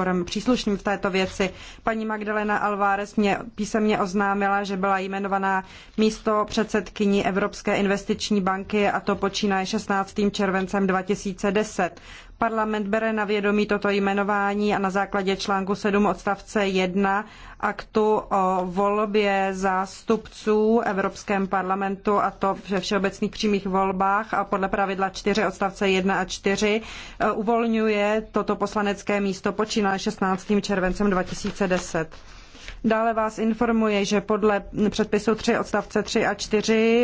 výborem příslušným v této věci. Paní Magdalena Alvarez mě písemně oznámila, že byla jmenovaná místo předsedkyní Evropské investiční banky a to počínaje 16. červencem 2010. Parlament bere na vědomí toto jmenování a na základě článku 7 odstavce 1 aktu o volbě zástupců Evropském parlamentu a to ve všeobecných přímých volbách a podle pravidla 4 odstavce 1 a 4 e, uvolňuje toto poslanecké místo počínaje 16. červencem 2010. Dále vás informuji, že podle předpisu 3 odstavce 3 a 4